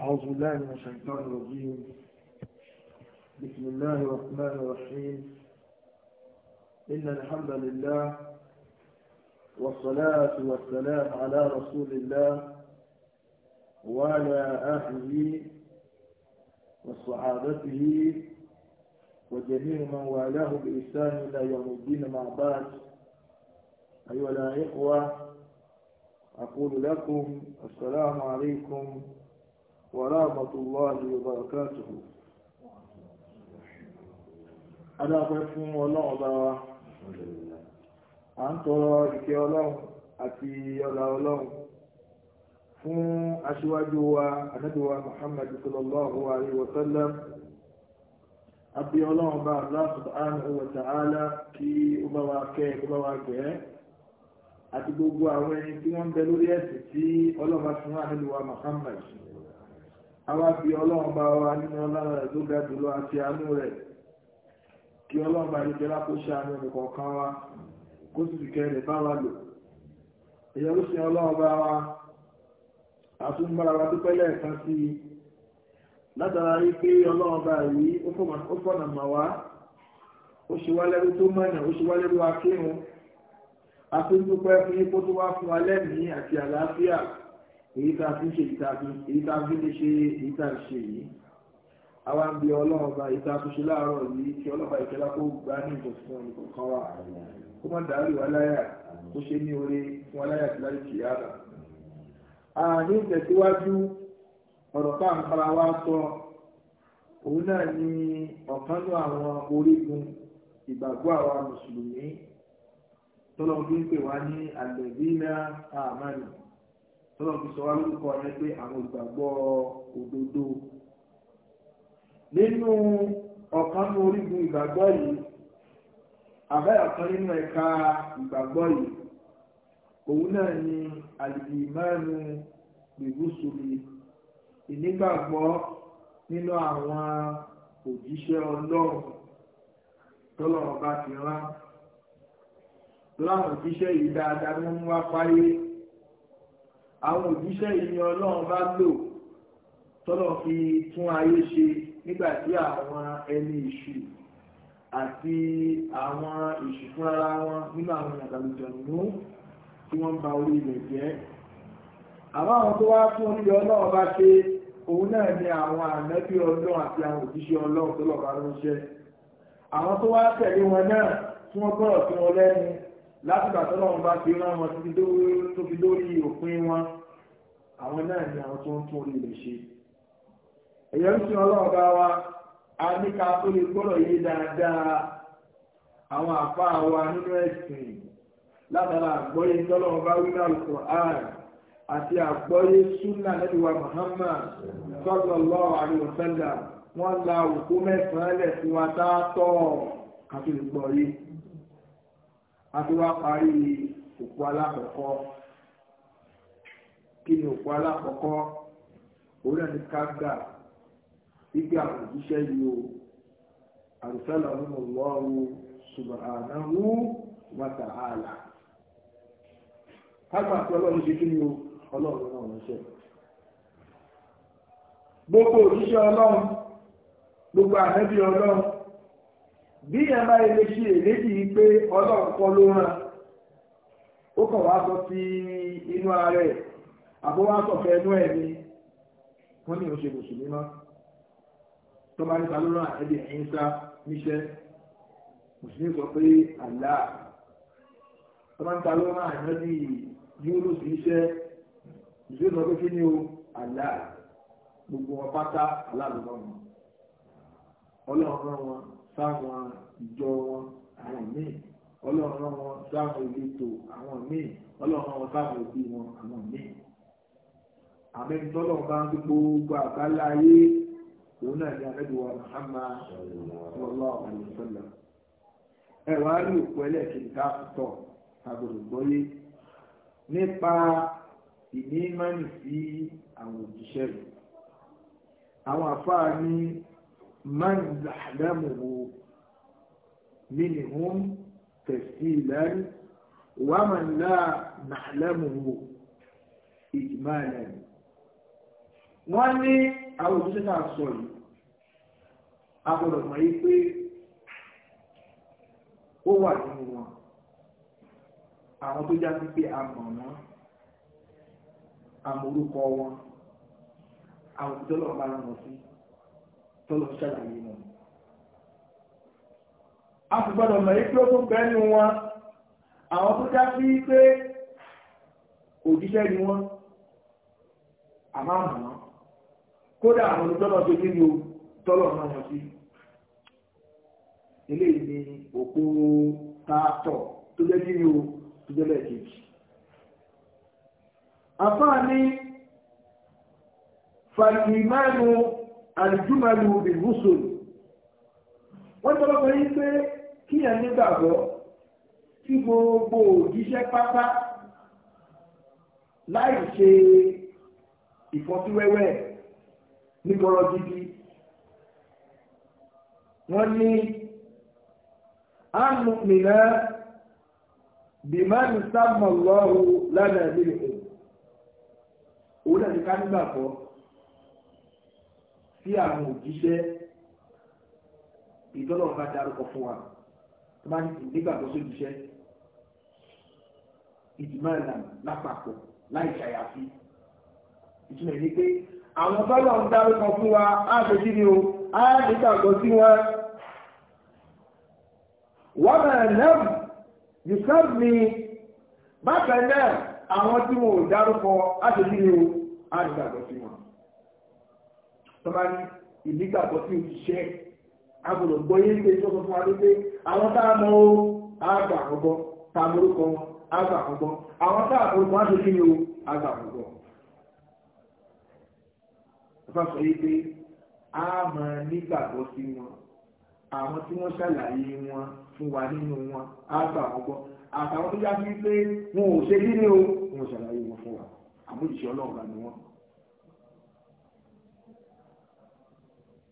أعوذ بالله من الشيطان الرجيم بسم الله الرحمن الرحيم إن الحمد لله والصلاة والسلام على رسول الله وعلى آله وصحابته وجميع من والاه بإحسان إلى يوم الدين مع بعض أيها الإخوة أقول لكم السلام عليكم ورحمة الله وبركاته adáfẹ́ fún ọlọ́run bá wa à ń tọrọ ìkẹ́ ọlọ́run àti ọlá ọlọ́run fún aṣíwájú wa ànábì wa Muhammad sallallahu alayhi wa sallam àbí ọlọ́run bá Allah subhanahu wa ta'ala kí ó bá wa kẹ́ ó bá wa gẹ̀ẹ́ àti gbogbo àwọn ẹni tí wọ́n bẹ lórí ẹ̀sìn tí ọlọ́run bá fún ànábì wa Muhammad àwa fi ọlọ́run bá wa nínú ọlọ́run rẹ̀ tó ga jùlọ àti àánú rẹ̀ kí ọlọ́run bá ní kẹlá kó ṣe àánú nìkọ̀ọ̀kan wa kó sì kẹ́ rẹ̀ bá wa lò èyàn ló ṣe ọlọ́run bá wa àtúnbára wa dúpẹ́ lẹ́ẹ̀kan sí i látara rí pé ọlọ́run bá yìí ó fọ̀nà mà wá ó ṣe wá lẹ́rú tó mọ̀nà ó ṣe wá lẹ́rú akírun àtúndúpẹ́ fún yín kó tó wá fún wa lẹ́mìí àti àlàáfíà èyí tá a fi ń ṣe ìtàfi èyí tá a fi lè ṣe èyí tá a ṣe yìí àwa ń bi ọlọ́run ọba èyí tá a fi ṣe láàárọ̀ yìí tí ọlọ́ba ìkẹlá kó gbá ní ìjọsìn ọ̀nìkan kan wà kó má dàálù wá láyà kó ṣe ní oore fún wa láyà tí láyé ti yára. àní ìtẹ̀síwájú ọ̀rọ̀ tá à ń fara wa sọ òun náà ni ọ̀kan lọ àwọn orígun ìgbàgbọ́ àwa mùsùlùmí tọ́lọ́ tọ́lọ́ fi sọ wá lórúkọ yẹn pé àwọn ìgbàgbọ́ òdodo nínú ọ̀kan ní orígun ìgbàgbọ́ yìí àbẹ́ ọ̀kan nínú ẹ̀ka ìgbàgbọ́ yìí òun náà ni àlìbì mẹ́rin gbègbúsùlì ìnígbàgbọ́ nínú àwọn òjíṣẹ́ ọlọ́run tọ́lọ́ ọba ti rán láwọn òjíṣẹ́ yìí dáadáa ló ń wá páyé àwọn òjíṣẹ́ ìní ọlọ́run bá lò tọ́lọ̀ fi tún ayé ṣe nígbà tí àwọn ẹni ìṣù àti àwọn ìṣù fúnra wọn nínú àwọn àgbàlùjọ̀nù tí wọ́n ba orí ilẹ̀ jẹ́ àmọ́ àwọn tó wá fún oníyọ ọlọ́run bá ṣe òun náà ni àwọn ànábì ọlọ́run àti àwọn òjíṣẹ́ ọlọ́run tọ́lọ̀ bá ránṣẹ́ àwọn tó wá tẹ̀lé wọn náà tí wọ́n gbọ́rọ̀ sí wọn lẹ́nu látìgbà tó lọ́wọ́ bá fi rán wọn tó fi lórí òpin wọn àwọn náà ni àwọn tó ń tún orí rẹ̀ ṣe èyàn ń sin ọlọ́wọ́ bá wa a ní ká tó lè gbọ́dọ̀ yé dáadáa àwọn àfa wa nínú ẹ̀sìn látara àgbọ́yé tọ́lọ́wọ́ bá wí náà Al-Qur'an àti àgbọ́yé súnà Nábì wa Muhammad sallallahu alaihi wasallam wọ́n la òkú mẹ́sàn-án lẹ̀ fún wa tá a tọ́ ọ̀ ká tó lè gbọ́ àti wá parí òpó alákọ̀ọ́kọ́ kí ni alákọ̀ọ́kọ́ òun náà ní ká gbà gbígbé àwọn òjíṣẹ́ yìí o àrùsálà ọ̀hún Allahu subhanahu wa ta'ala kágbà àti ọlọ́run ṣe kí ni o ọlọ́run náà gbogbo òjíṣẹ́ ọlọ́run gbogbo ọlọ́run. bí yẹn bá ilé ṣe èlédì pé ọlọ́run kọ́ ló ràn ó kàn wá sọ sí inú ara ẹ̀ àbó wá sọ fẹ́ inú ẹ̀ ni wọ́n ní oṣù mùsùlùmí mọ́ tó bá nípa ló ràn ẹbí ẹ̀yìn sá níṣẹ́ mùsùlùmí sọ pé àlá tó bá nípa ló ràn bí yúrù sí iṣẹ́ mùsùlùmí sọ pé kí ni o àlá gbogbo wọn aláàlú náà wọn ọlọ́run náà wọn sáwọn ìjọ wọn àwọn míì ọlọ́run rán wọn sáwọn ìletò àwọn míì ọlọ́run rán wọn sáwọn òbí wọn àwọn míì àmẹ́ńtọ́lọ́run bá ń gbogbo àgbálá ayé òun náà ni àmẹ́dùwà Muhammad sallallahu alaihi wasallam ẹ̀wà rí òkú ẹlẹ́ẹ̀kejì káàtọ̀ àgbòdògbọ́yé nípa ìní mánì sí àwọn òjíṣẹ́ rẹ̀ àwọn àfáà ní من يحلمه منهم تسهيلا ومن لا نعلمه إجمالا wọ́n ní àwọn òṣìṣẹ́ náà sọ yìí agbọ́dọ̀ mọ̀ yìí pé ó wà nínú wọn àwọn tó já sí pé a mọ̀ wọn àmọ́ orúkọ wọn àwọn òṣìṣẹ́ náà bá wọn sí tọ́lọ̀ ṣàlàyé wọn. a sì gbọ́dọ̀ mọ̀ yí pé ó tún bẹ́ẹ̀ wọn àwọn tó já sí pé òjíṣẹ́ ni wọ́n àmọ́ àmọ́ kódà àwọn olùtọ́lọ̀ tó ní ní o tọ́lọ̀ náà wọn sí. eléyìí ni òpó tààtọ̀ tó jẹ́ kí ni o tó jẹ́ lẹ́ẹ̀kejì. àfáà ní fàlìmánù àjùmọ̀lù ìrúsùn wọ́n tọ́lọ́ pé yí pé kí ẹ̀ nígbàgbọ́ tí gbogbo òjíṣẹ́ pátá láì ṣe ìfọ́síwẹ́wẹ́ nígbọ́rọ̀ gidi wọ́n ní àánú mìíràn bìmánì sámọ̀lọ́rù lánàá ìbílẹ̀ òun náà ní ká nígbàgbọ́ sí àwọn òjíṣẹ́ ìtọ́lọ̀ bá darúkọ fún wa tó bá nígbàgbọ́ sójíṣẹ́ ìdìmọ̀ ìlànà lápapọ̀ láì ṣàyàfi ìtumọ̀ ní pé àwọn tọ́lọ̀ ń darúkọ fún wa á ṣe kí ni o á nígbàgbọ́ sí wọn. wọ́n mẹ́rin náà yìí mi bákan náà àwọn tí wọn ò darúkọ á ṣe kí ni o á nígbàgbọ́ sí wọn tọ́ba ní ìnígbàgbọ́ tí ó ṣiṣẹ́ agbọ́dọ̀ gbọ́ yé pé tó sọ fún wa àwọn tá a mọ o àgbà àkọ́gbọ́ tá a morúkọ wọn àgbà àkọ́gbọ́ àwọn tá a morúkọ wọn á ṣe kí ni o àgbà àkọ́gbọ́. ọba sọ yé pé a máa nígbàgbọ́ sí wọn àwọn tí wọ́n ṣàlàyé wọn fún wa nínú wọn àgbà àkọ́gbọ́ àtàwọn tó yá sí pé wọn ò ṣe kí ni o wọn ò ṣàlàyé wọn fún wa àmójìṣẹ́ ọlọ́run ni wọn.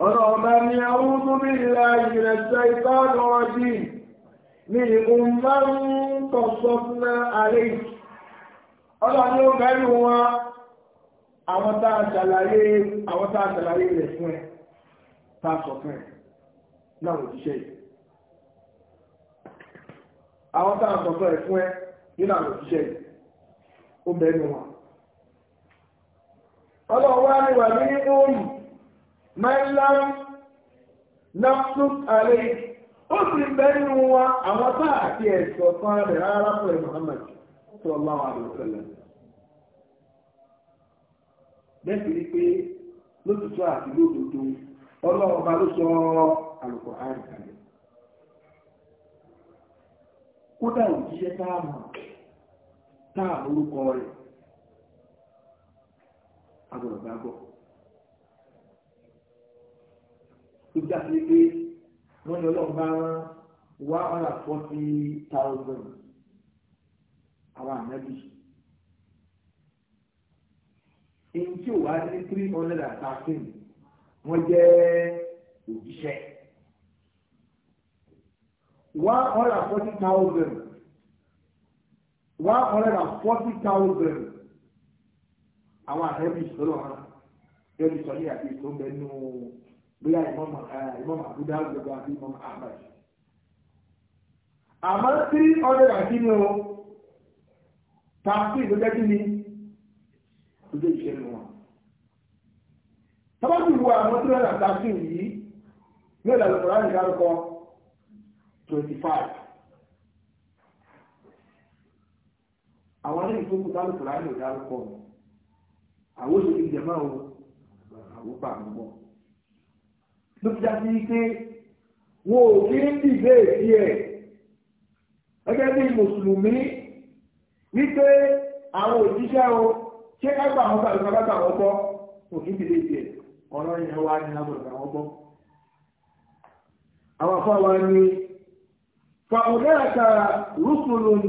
رغم يعوذ بالله من الشيطان الرجيم منهم من قصصنا عليه ọlọ́run ni ó bẹ̀rù wọn àwọn tá a ṣàlàyé àwọn tá a ṣàlàyé rẹ̀ fún ẹ tá a sọ fún ẹ nínú àwọn òṣìṣẹ́ yìí ó bẹ̀rù wọn ọlọ́run wá ní wà ní mẹ́lẹ́m nafsus alẹ́ ó sì bẹ́nu wa àwọn tá àti ẹ̀sọ̀ kan rẹ̀ rárá pẹ̀lú Muhammad sallallahu alaihi wasallam lẹ́sìn rí pé lótìtọ́ àti lódodo ọlọ́run bá ló sọ àlùkò àìsàn kódà òjíṣẹ́ tá a mọ̀ tá a lórúkọ rẹ̀ agbọ̀dọ̀ bá tó já sí pé wọ́n ní ọlọ́run bá rán one hundred and forty thousand àwọn ànábì. èyí tí ò wá ní three hundred and thirteen wọ́n jẹ́ òjíṣẹ́ one hundred and forty thousand one hundred and forty thousand àwọn ànábì sọ̀rọ̀ hàn yẹ́nì sọ̀rọ̀ yàtí tó ń bẹ nù. bila imam eh, abudu agbègbè àti imam ahmed àmọ́ three hundred and kí ni o tààtì ìgbẹ́jẹ́ kí ni ìgbẹ́ ìṣẹ́nu wọn tọ́wọ́sì wo àwọn three hundred and yi, yìí ní ìlànà ìfọ̀rọ̀ àyíká lọ́kọ́ twenty five àwọn ilé ìfowópamọ́ tá ló fọ̀rọ̀ àyíká lọ́kọ́ ndị òṣèlú ìjẹ̀mọ́ ló fi jáde pé wọn ò kí ń dìbè sí ẹ̀ gẹ́gẹ́ bí mùsùlùmí wípé àwọn òjíṣẹ́ o ṣé ká gbà wọn tàbí ká wọn gbọ́ kò ní dìbè sí ẹ̀ ọ̀rọ̀ yẹn wá ní lábọ̀dọ̀ àwọn gbọ́. àwọn afáwa ni fàmùlẹ́ẹ̀ka rúṣùlùm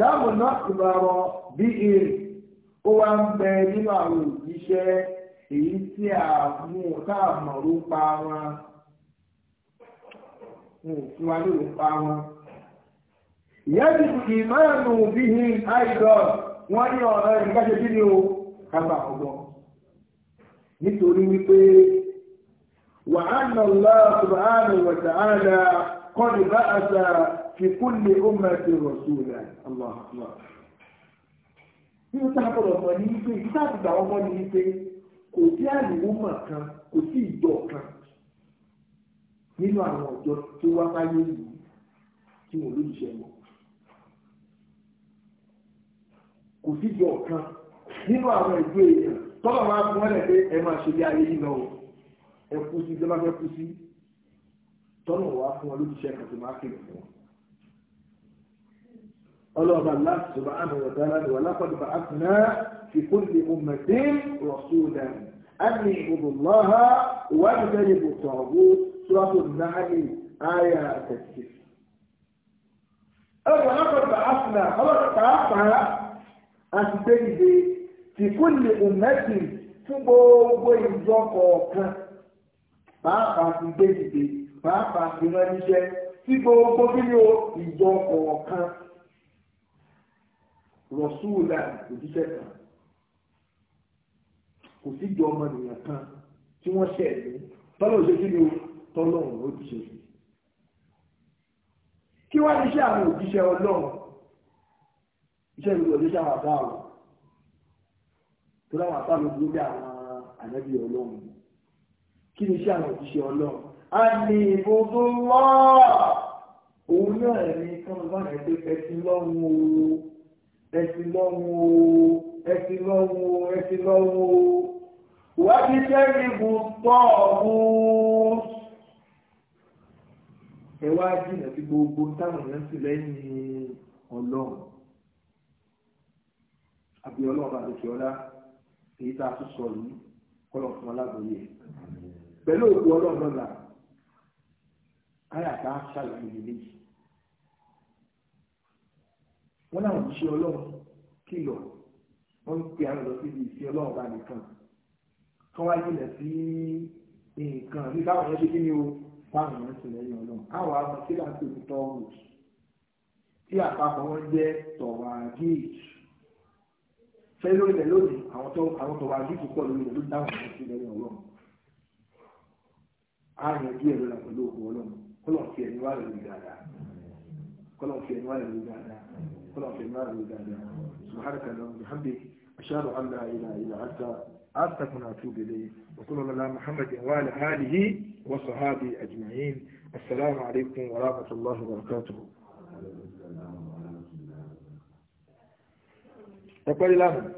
lámùnáàkùbàrọ̀ bí i ó èyí tí a mú káàmọ̀ ló pa wọn mo fún wa ló pa wọn. ìyájú ìmáàmù bíi àìdọ̀ wọ́n ní ọ̀rọ̀ ìgbàṣe kí ni o kábà ọgbọ́n nítorí wípé bá fi ọmọ sábà kò sí àlùmọ́ kan kò sí ìjọ kan nínú àwọn ọjọ́ tó wá báyé yìí tí mo lójú ṣe mọ́ kò sí ìjọ kan nínú àwọn ìjọ èèyàn tọ́lọ̀ máa fún ẹ̀ pé ẹ máa ṣe bí ayé yìí lọ ẹ kú sí bí wọ́n fẹ́ kú sí tọ́lọ̀ wá fún ọ lójú ṣe kan máa kéde fún wọn ọlọ́ọ̀bà láti sọ̀rọ̀ àmì ọ̀dá láti wà lápàdé bá a ti náà fi kó lè mú mẹ́tẹ́ rọ̀ sódà ní. أن اعبدوا الله واجتنبوا الطاغوت سورة النحل آية 36 أو لقد بعثنا خبر تعبها أسبيبي في كل أمة fún gbogbo ìjọ kọ̀ọ̀kan pàápàá fi gbé dìde pàápàá fi rán níṣẹ́ sí kò sí ju ọmọnìyàn kan tí wọ́n ṣẹ̀ ní tọ́lọ̀ ṣe kí ni o tọ́lọ̀ ọ̀hún ló ti ṣe sí. kí wá níṣẹ́ àwọn òjíṣẹ́ ọlọ́run iṣẹ́ ìlú òjíṣẹ́ àwọn àbá àwọn tó láwọn àbá mi dúró bí àwọn ànábì ọlọ́run kí ni iṣẹ́ àwọn òjíṣẹ́ ọlọ́run a ní ìbùdó lọ́ọ̀ òun náà ní kọ́nà bá rẹ̀ pé ẹ̀sìn lọ́run o ẹ̀sìn lọ́run o ẹ̀sìn lọ́run o ẹ̀sìn lọ́run o wábítẹ́rìbù tọ́ọ̀hún. ẹ wá jìnnà sí gbogbo táwọn èèyàn sì lẹ́yìn ọlọ́run àbí ọlọ́run bá lókè ọlá èyí tá a tún sọ yìí kọ́lọ̀ fún aláboyè pẹ̀lú òkú ọlọ́run lọ́la ayà tá a ṣàlàyé méjì wọ́n náà ń ṣe ọlọ́run kìlọ̀ wọ́n ń pe àwọn lọ síbi ìsìn ọlọ́run bá nìkan kọ́ wá jìnà sí nǹkan bí káwọn ṣe kí ni o táwọn èèyàn ti lẹ́yìn ọlọ́run àwọn àwọn tí láti ní tọ́wù tí àpapọ̀ wọn jẹ́ tọ̀wàgíìtì fẹ́ lórí rẹ̀ lónìí àwọn tọ̀wàgíìtì pọ̀ lórí rẹ̀ ló dáhùn àwọn tí lẹ́yìn ọlọ́run àrùn ojú ẹ̀rọ la pẹ̀lú òkú ọlọ́run kọ́lọ̀ fi ẹ̀nu wà lórí dáadáa kọ́lọ̀ fi ẹ̀nu wà lórí dáadáa kọ́lọ̀ fi ẹ̀nu wà lórí dáadáa أتك أتوب إليه وصلى الله على محمد وعلى آله وصحابه أجمعين السلام عليكم ورحمة الله وبركاته أقول لهم